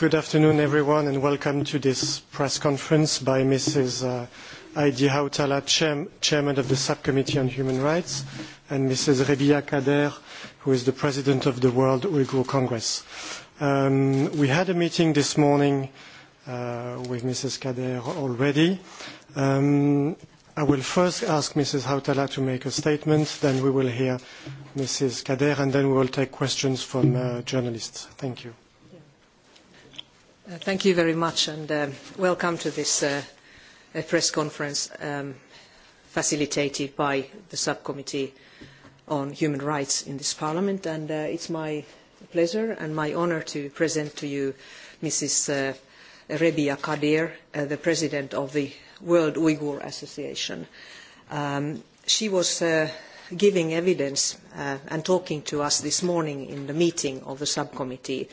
Good afternoon, everyone, and welcome to this press conference by Mrs. Uh, Heidi Hautala, Chairman of the Subcommittee on Human Rights, and Mrs. Rebiya Kadeer, who is the President of the World Uyghur Congress. Um, we had a meeting this morning uh, with Mrs. Kadeer already. Um, I will first ask Mrs. Hautala to make a statement, then we will hear Mrs. Kadeer, and then we will take questions from uh, journalists. Thank you. Uh, thank you very much and uh, welcome to this uh, press conference um, facilitated by the subcommittee on human rights in this parliament and uh, it's my pleasure and my honor to present to you Mrs. Uh, Rebia Kadir, uh, the president of the World Uyghur Association. Um, she was uh, giving evidence uh, and talking to us this morning in the meeting of the subcommittee uh,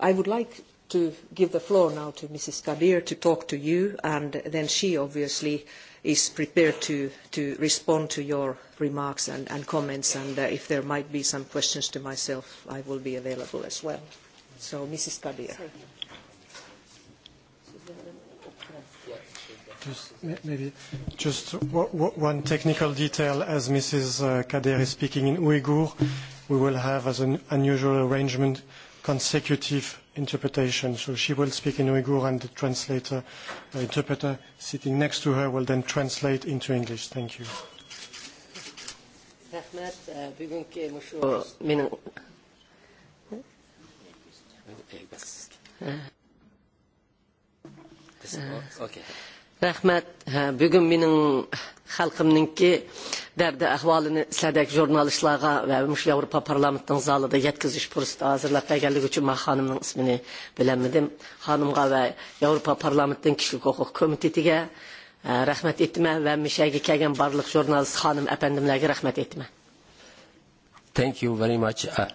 I would like to give the floor now to Mrs. Kadir to talk to you, and then she obviously is prepared to, to respond to your remarks and, and comments, and uh, if there might be some questions to myself, I will be available as well. So, Mrs. Kadir. Just maybe just one technical detail. As Mrs. Uh, Kader is speaking in Uyghur, we will have, as an unusual arrangement, consecutive interpretation. So she will speak in Uyghur and the translator, the uh, interpreter sitting next to her will then translate into English. Thank you. Rahmat, uh, bugünkü müşru benim... Rahmat, uh, bugün benim xalqimninki dərdi əhvalını sizlədək jurnalistlara və müşl Avropa parlamentinin zalında yetkizmiş fürsəti hazırlaq təgəllik üçün mən xanımın ismini bilənmədim. Xanımğa və Avropa parlamentinin kişilik hüquq komitetigə e, rəhmət etmə və müşəyə gələn barlıq jurnalist xanım əpəndimlərə rəhmət etmə. Thank you very much. Uh,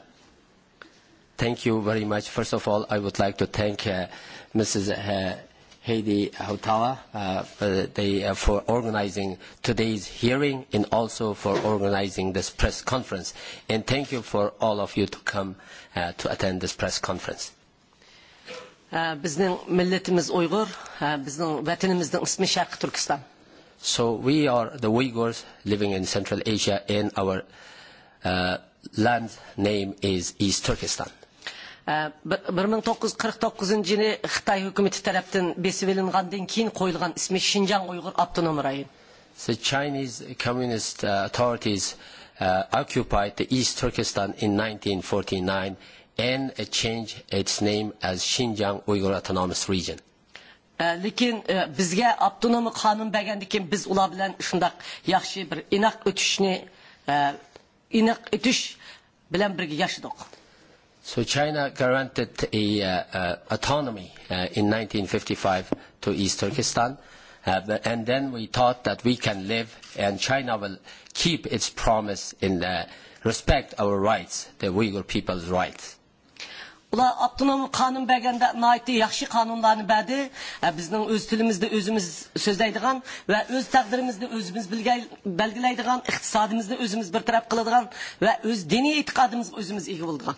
thank you very much. First of all, I would like to thank uh, Mrs. Uh, Heidi Hautala uh, for, the, uh, for organizing today's hearing and also for organizing this press conference. And thank you for all of you to come uh, to attend this press conference. Uh, bizning millatimiz Uyg'ur, uh, bizning vatanimizning ismi Sharq Turkiston. So we are the Uyghurs living in Central Asia and our uh, land name is East Turkestan bir ming to'qqiz yuz qirq to'qqizinchi yili xitoy hukumati tarafdan besib ilingandan keyin qo'yilgan ismi shinjang uyg'ur abtonom rayon the chinese communist uh, authorities uh, occupied the east turkestan in 1949 and uh, changed its name as xinjiang uyghur autonomous region lekin bizga avtonomiya qonun bergandan keyin biz ular bilan shundoq yaxshi bir inoq o'tishni inoq o'tish bilan birga yashadik So China granted a, uh, uh, autonomy uh, in 1955 to East Turkestan. Uh, but, and then we thought that we can live and China will keep its promise in uh, respect our rights, the Uyghur people's rights. Ular avtonom qonun berganda noiti yaxshi qonunlarni berdi. Bizning o'z tilimizda o'zimiz so'zlaydigan va o'z taqdirimizni o'zimiz belgilaydigan, iqtisodimizni o'zimiz bir taraf qiladigan va o'z diniy e'tiqodimizga o'zimiz ega bo'ladigan.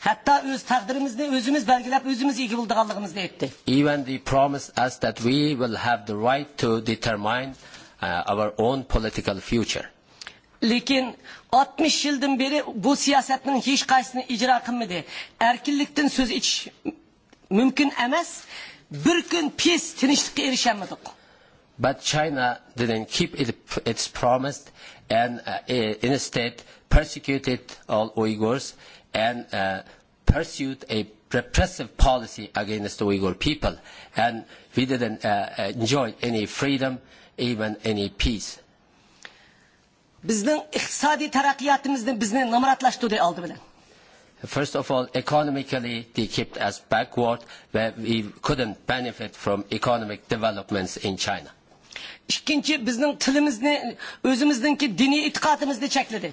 Hatta öz takdirimizni özümüz belgilep özümüz iyi bulduğumuzda etti. Even they promised us that we will have the right to determine uh, our own political future. Lekin 60 yıldan beri bu siyasetin hiç kaysını icra kılmadı. Erkinlikten söz iç mümkün emez. Bir gün pis tinişlikle erişemedik. But China didn't keep it, its promise and uh, instead persecuted all Uyghurs and uh, pursued a repressive policy against the Uyghur people. And we didn't uh, uh enjoy any freedom, even any peace. Bizning iqtisodiy taraqqiyotimizni bizni namoratlashtirdi oldi bilan. First of all, economically, they kept us backward, where we couldn't benefit from economic developments in China. Ikkinchi, bizning tilimizni, o'zimizningki diniy e'tiqodimizni chekladi.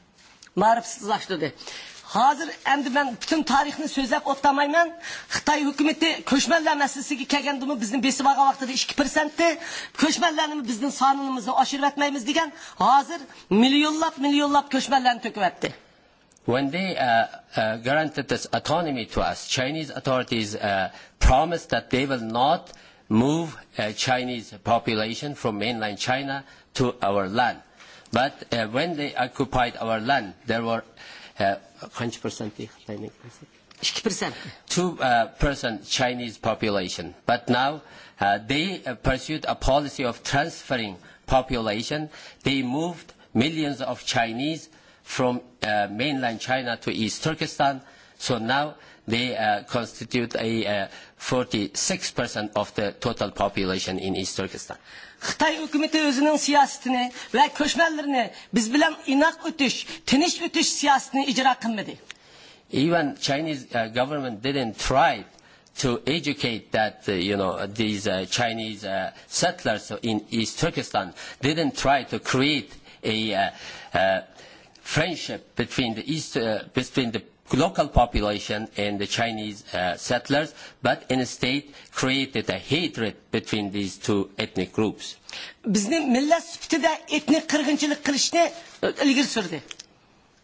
marifsizlaştırdı. Hazır endi ben bütün tarixini sözlep otlamayman. Xitay hükümeti köşmeller meselesiga kelgandimi bizni besib algan vaqtida 2%ti köşmellerni bizning sonimizni oshirib atmaymiz degan. Hazır millionlab millionlab köşmellerni töküp atdi. When they uh, uh, granted this autonomy to us, Chinese authorities uh, promised that they will not move uh, Chinese population from mainland China to our land But uh, when they occupied our land, there were uh, 2% uh, percent Chinese population. But now uh, they uh, pursued a policy of transferring population. They moved millions of Chinese from uh, mainland China to East Turkestan. So now They uh, constitute a uh, 46% of the total population in East Turkestan. Xitay hökuməti özünün siyasətini və köçmənlərini biz bilən inaq ötüş, tinç ötüş siyasətini icra qılmadı. Even Chinese uh, government didn't try to educate that uh, you know these uh, Chinese uh, settlers in East Turkestan didn't try to create a uh, uh, friendship between the East uh, between the local population and the Chinese uh, settlers, but instead created a hatred between these two ethnic groups. Bizning millat sifatida etnik qirg'inchilik qilishni uh, ilgari surdi.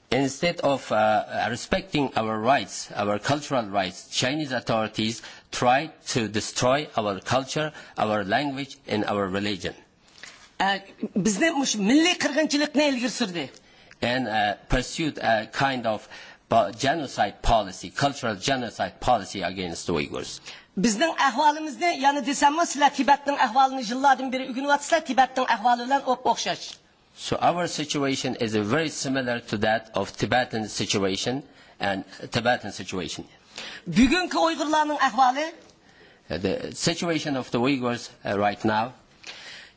Instead of uh, uh, respecting our rights, our cultural rights, Chinese authorities tried to destroy our culture, our language, and our religion. Uh, bizni milliy qirg'inchilikni ilgari surdi. And uh, pursued a kind of uh, genocide policy, cultural genocide policy against Uyghurs. Bizning ahvolimizni, ya'ni desammi, sizlar Tibetning ahvolini yillardan beri o'rganyapsizlar, Tibetning ahvoli bilan o'xshash. So our situation is very similar to that of Tibetan situation and Tibetan situation. Bugungi Uyg'urlarning ahvoli uh, the situation of the Uyghurs uh, right now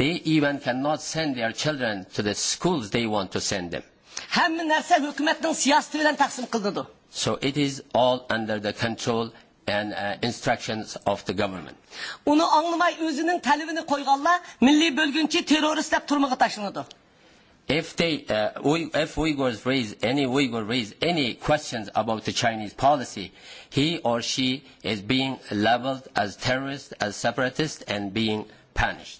They even cannot send their children to the schools they want to send them. Həmin нәрсә хөкүмәтнең сиясәте белән тәкъсим кылынды. So it is all under the control and uh, instructions of the government. Уны аңламай үзенең талабын койганлар милли бөлгүнче террорист дип турмага ташланды. If they, uh, we, if Uyghurs raise any Uyghur raise any questions about the Chinese policy, he or she is being labeled as terrorist, as separatist, and being punished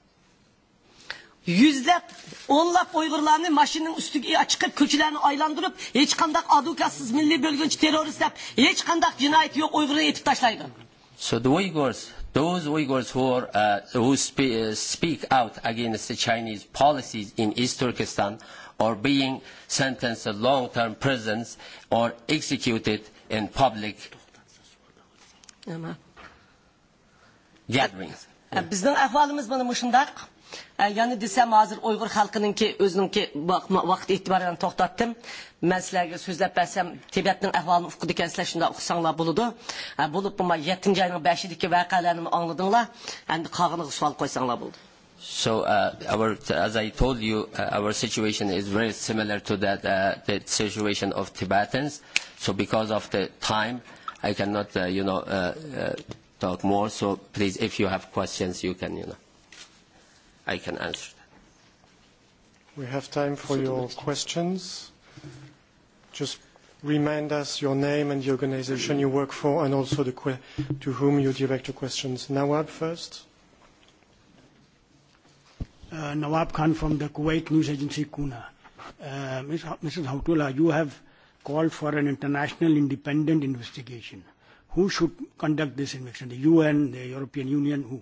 yüzlab o'nlab uyg'urlarni mashinaning ustiga chiqib ko'chalarni aylantirib hech qandaq advokatsiz milliy bo'lgunchi terrorist deb hech qandaq jinoyat yo'q uyg'urni etib tashlaydi so the uyghurs those uyghurs who are, uh, who speak, uh, speak out against the chinese policies in east turkestan are being sentenced to long term prisons or executed in public gatherings e, e, bizning ahvolimiz mana shundaq yana desam hozir uyg'ur xalqininki o'ziniki vaqt e'tiboran to'xtatdim man sizlarga so'zlab bersam tibatning ahvolini uqdi ekan sizlar shundoq uqsanglar bo'ladi bo'lib bo'lma yettinchi oyning beshidagi voqealarni angladinglar endi qolganiga savol qo'ysanglar bo'ldi So uh, our, as I told you, uh, our situation is very similar to that, uh, the situation of Tibetans. So because of the time, I cannot, uh, you know, uh, uh, talk more. So please, if you have questions, you can, you know. I can answer that. We have time for so your questions. Just remind us your name and the organization you work for, and also the que to whom you direct your questions. Nawab first. Uh, Nawab Khan from the Kuwait news agency Kuna. Uh, Ms. H Mrs. Hautula, you have called for an international independent investigation. Who should conduct this investigation? The UN, the European Union, who?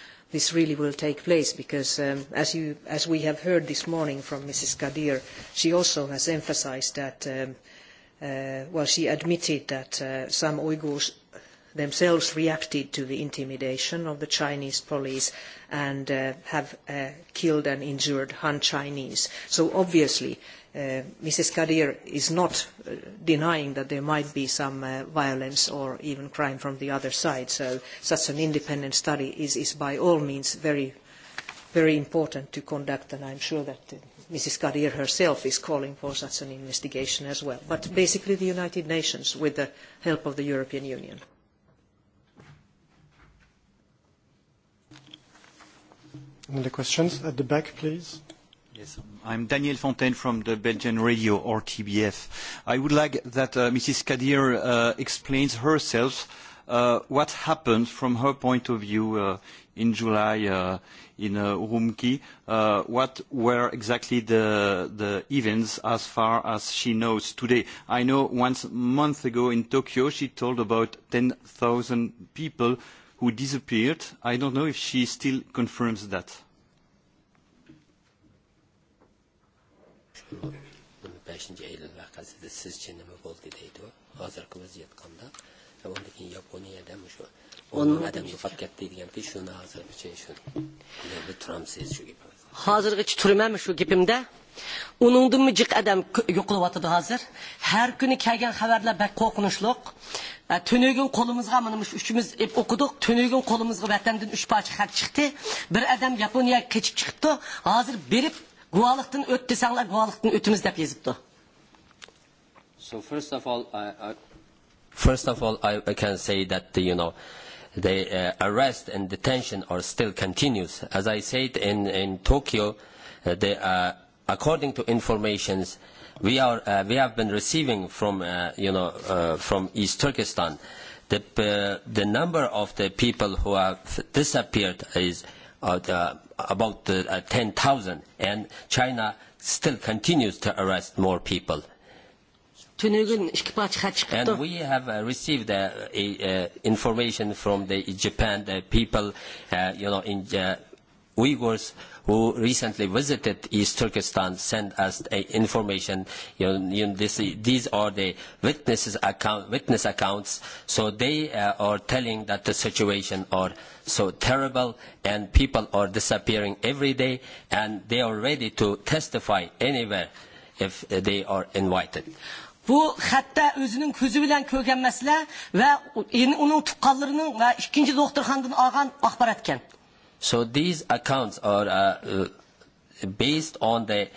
this really will take place because um, as, you, as we have heard this morning from Mrs. Kadir, she also has emphasized that, um, uh, well, she admitted that uh, some Uyghurs themselves reacted to the intimidation of the Chinese police and uh, have uh, killed and injured Han Chinese. So obviously, uh, Mrs. Kadir is not uh, denying that there might be some uh, violence or even crime from the other side. So such an independent study is, is by all means very, very important to conduct, and I'm sure that uh, Mrs. Kadir herself is calling for such an investigation as well. But basically the United Nations with the help of the European Union. on the questions. At the back, please. Yes, I'm Daniel Fontaine from the Belgian radio, RTBF. I would like that uh, Mrs. Kadir uh, explains herself uh, what happened from her point of view uh, in July uh, in uh, Urumqi. Uh, what were exactly the, the events as far as she knows today? I know once a month ago in Tokyo she told about 10,000 people who disappeared. I don't know if she still confirms that. beshinchi iyul vaqasida siz chi nima bo'ldi deydi hozirgi vaziyat qandoq undan keyin yaponiyada shu o'n ming odam yo'qolib ketdi deganki shuni hozirgacha shu turamiz shu hozirgacha turmanmi shu gapimda uningdimi jiq odam yo'qolyotidi hozir har kuni kelgan xabarlar bak qo'rqinchliq tünügün kolumuzga mınımış üçümüz hep okuduk. Tünügün kolumuzga vatandın üç parça hak çıktı. Bir adam Yaponiya keçip çıktı. Hazır berip guvalıktan öt desenler guvalıktan ötümüz dep yazıptı. So first of all, I, I... First of all, I, I can say that, you know, the uh, arrest and detention are still continues. As I said in, in Tokyo, uh, the, uh, according to informations, uh, we are uh, we have been receiving from uh, you know uh, from East Turkestan the uh, the number of the people who have disappeared is uh, the, about uh, 10,000 and China still continues to arrest more people and we have uh, received uh, a, uh, information from the Japan the people uh, you know in uh, Uyghurs who recently visited East Turkestan sent us a information. You know, you know, this, these are the witnesses account, witness accounts. So they uh, are telling that the situation are so terrible and people are disappearing every day and they are ready to testify anywhere if they are invited. Bu hatta özünün közü bilen kökenmesle ve onun tukallarının ve ikinci doktorhandan ağan akbaratken. So these accounts are uh, uh, based on the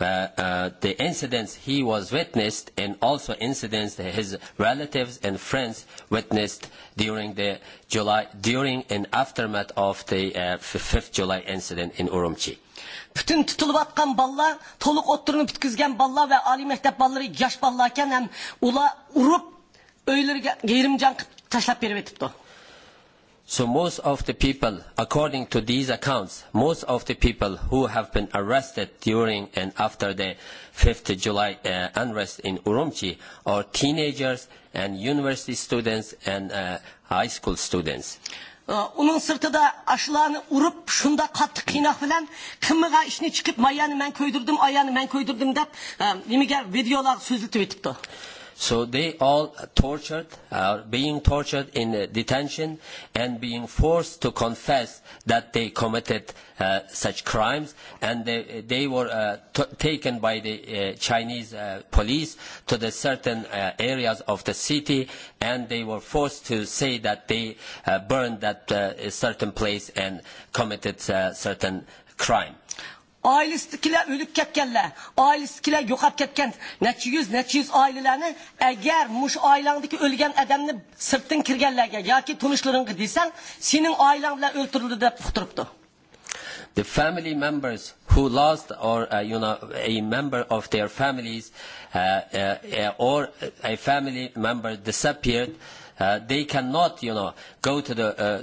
uh, uh, the incidents he was witnessed and also incidents that his relatives and friends witnessed during the July during and aftermath of the uh, 5th July incident in Urumqi. Bütün tutulup atkan ballar, toluk otturunu bitkizgen ballar ve Ali Mehtap balları yaş ballarken hem ula urup öyleriga yerimcan taşlap berib etipdi. So most of the people, according to these accounts, most of the people who have been arrested during and after the 5th July uh, unrest in Urumqi are teenagers and university students and uh, high school students. Onun sırtı da aşılarını urup şunda katlı kıynak bilen kımığa işini çıkıp mayanı ben köydürdüm, ayanı ben köydürdüm de e, videolar sözlü tweetipti. So they all tortured, uh, being tortured in uh, detention and being forced to confess that they committed uh, such crimes. And they, they were uh, t taken by the uh, Chinese uh, police to the certain uh, areas of the city and they were forced to say that they uh, burned that uh, certain place and committed uh, certain crime oilasidagilar o'lib ketganlar oilasidagilar yo'qolib ketgan necha yuz necha yuz oilalarni agar mush oilandagi o'lgan odamni sirtdan kirganlarga yoki tanishlaringga desang sening oilang bilan o'ltirildi deb uqtiribdi the family members who lost or uh, you know a member of their families uh, uh, uh or a family member disappeared uh, they cannot you know go to the uh,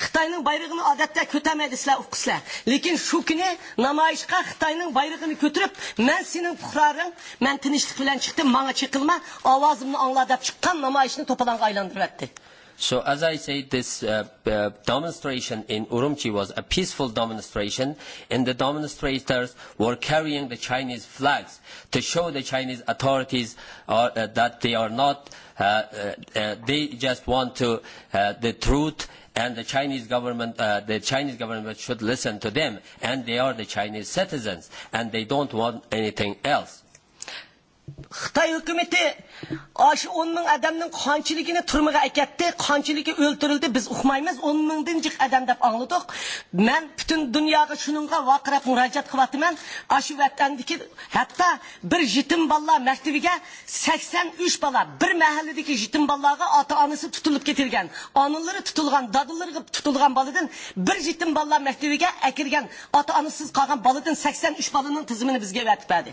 Xitayning bayrog'ini odatda ko'tarmaydi sizlar o'qisizlar lekin shu kuni namoyishga xitoyning bayrog'ini ko'tarib man sening fuqaroring man tinchlik bilan chiqdim manga chiqilma ovozimni angla deb chiqqan namoyishni to'polonga aylantiryapti So as I say, this uh, uh, demonstration in Urumqi was a peaceful demonstration, and the demonstrators were carrying the Chinese flags to show the Chinese authorities are, uh, uh, that they are not, uh, uh, uh, they just want to, uh, the truth and the Chinese government, uh, the Chinese government should listen to them, and they are the Chinese citizens, and they don't want anything else xitoy hukumati shu o'n ming odamning qanchiligini turmaga akatdi qanchaligi o'ltirildi biz uqmaymiz o'n mingdan jiq odam deb angladik man butun dunyoga shuninga vaqirab murojaat qilyapman shu vatandiki hatto bir yetim bolalar maktabiga sakson uch bola bir mahalladagi yetim bolalarga ota onasi tutilib ketilgan onalari tutilgan dadilari tutilgan boladan bir yetim bolalar maktabiga akirgan ota onasiz qolgan boladan sakson uch bolaning tizimini bizga vatibadi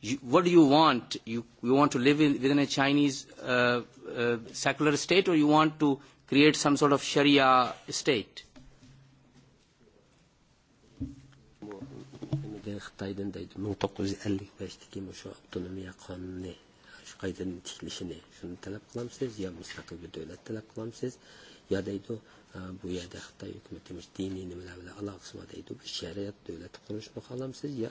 you, what do you want? You, you want to live in, within a Chinese uh, uh, secular state or you want to create some sort of Sharia state? Xitoydan ming to'qqiz yuz ellik beshdagi shu avtonomiya qonuni shu qaytadan tiklishini shuni talab qilamsiz yo mustaqil bir davlat talab qilamsiz yo deydi bu yerda xitoy hukumati diniy nimalar bilan aloqasi bor deydi shariat davlati qurishni xohlamsiz yo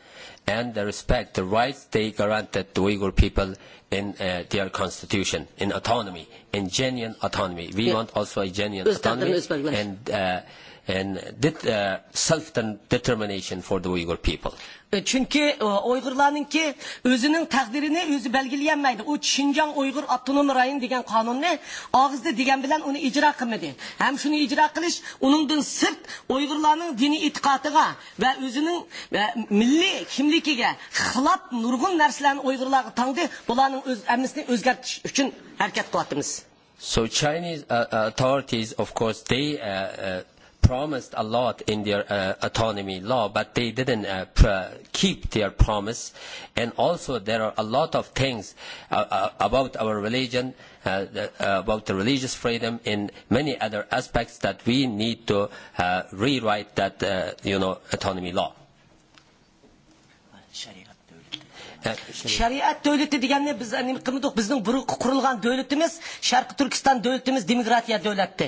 and the respect the rights they granted to Uyghur people in uh, their constitution, in autonomy, in genuine autonomy. We yeah. want also a genuine Üstelik autonomy. Üstelik. And uh, and det, uh, eh, self determination for the Uyghur people. Çünki e, e, Uyghurlarınki özünün təqdirini özü belgiləyənməydi. O Şinjan Uyghur Avtonom Rayon degen qanunu ağızda degen bilen onu icra qılmadı. Hem şunu icra qılış onundan sırt Uyghurların dini itiqatıga ve özünün ve milli kimlikige xilap nurgun nərslərini Uyghurlara tanıdı. Bularının öz əmnisini özgərtiş üçün hərəkət qılattımız. So Chinese uh, uh, authorities of course they uh, uh, promised a lot in their uh, autonomy law, but they didn't uh, pr- keep their promise. And also, there are a lot of things uh, uh, about our religion, uh, the, uh, about the religious freedom, and many other aspects that we need to uh, rewrite that, uh, you know, autonomy law. shariat davlati deganda biz nima qilmadik bizning bir qurilgan davlat emas sharqi turkiston davlati emas demokratiya davlatda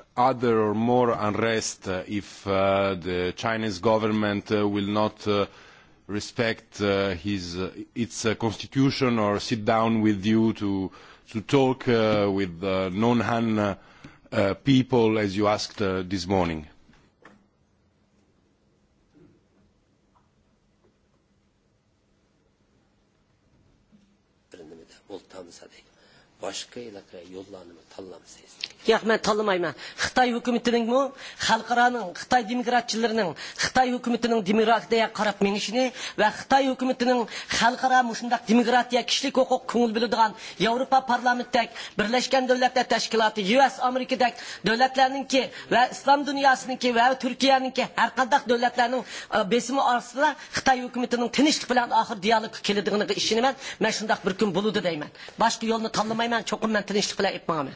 other or more unrest uh, if uh, the Chinese government uh, will not uh, respect uh, his, uh, its uh, constitution or sit down with you to, to talk uh, with uh, non-Han uh, uh, people as you asked uh, this morning? Başka ilakaya yollanmadı tanlamaysiz yo'q man tanlamayman xitoy hukumatiningmi xalqaroning xitoy demokratchilarining xitoy hukumatining demokratiyaga qarab minishini va xitoy hukumatining xalqaro mushundaq demokratiya kishilik huquq ko'ngil biladigan yevropa parlamentdak birlashgan davlatlar tashkiloti us amerikadak davlatlarninki va islom dunyosiniki va turkiyaniki har qandaq davlatlarning e, besimi ostida xitoy hukumatining tinchlik bilan oxir dialogga keladiganiga ishonaman man shundaq bir kun bo'ludi deyman boshqa yo'lni tanlamayman cho'qim man tinchlik bilan ib boraman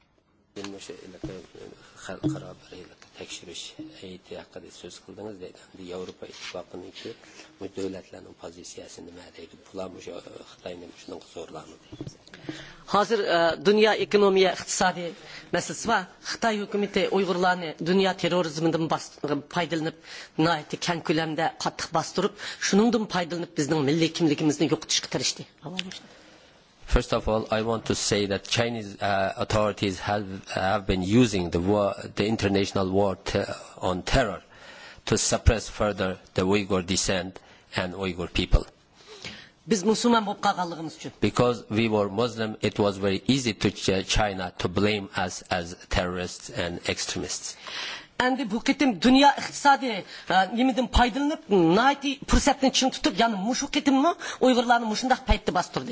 o'sha xalqaro bir tekshirish hayiti haqida so'z qildingiz deydi endi yevropa ittifoqiniki bu davlatlarning pozitsiyasi nima deydi bular o'sha xitoyni shunaqa zo'rlanadi hozir dunyo ekonomiya iqtisodiy masalasi va xitoy hukumati uyg'urlarni dunyo terrorizmidan foydalanib kang ko'lamda qattiq bostirib shuningdan foydalanib bizning milliy kimligimizni yo'qotishga tirishdi First of all, I want to say that Chinese uh, authorities have, have been using the, war, the international war te on terror to suppress further the Uyghur descent and Uyghur people. Biz Müslüman bolup kalganlygymyz üçin. Because we were Muslim, it was very easy to China to blame us as terrorists and extremists. endi bu ketim dünya iqtisadi nimeden e, paydalanıp naiti fırsatını çin tutup yani muşu ketimni Uygurlarni mushundaq paytda bastırdı.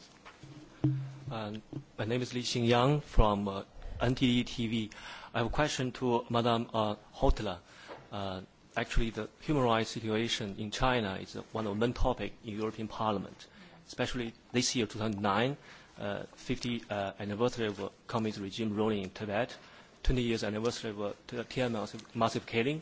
Um, my name is Li Xingyang from uh, NTD TV. I have a question to Madame uh, Hotla. Uh, actually, the human rights situation in China is uh, one of the main topics in European Parliament, especially this year, 2009, uh, 50 uh, anniversary of uh, communist regime ruling in Tibet, 20 years anniversary of uh, Tiananmen massive killing,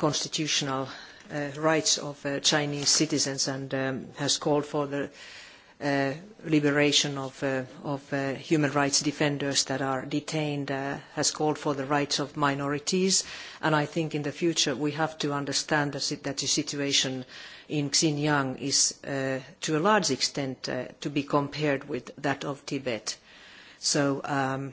constitutional uh, rights of uh, Chinese citizens and um, has called for the uh, liberation of, uh, of uh, human rights defenders that are detained, uh, has called for the rights of minorities. And I think in the future we have to understand that, that the situation in Xinjiang is uh, to a large extent uh, to be compared with that of Tibet. So um,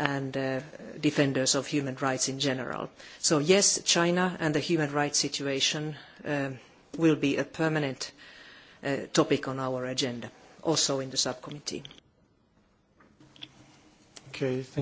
and uh, defenders of human rights in general. So yes, China and the human rights situation um, will be a permanent uh, topic on our agenda, also in the subcommittee. Okay, thank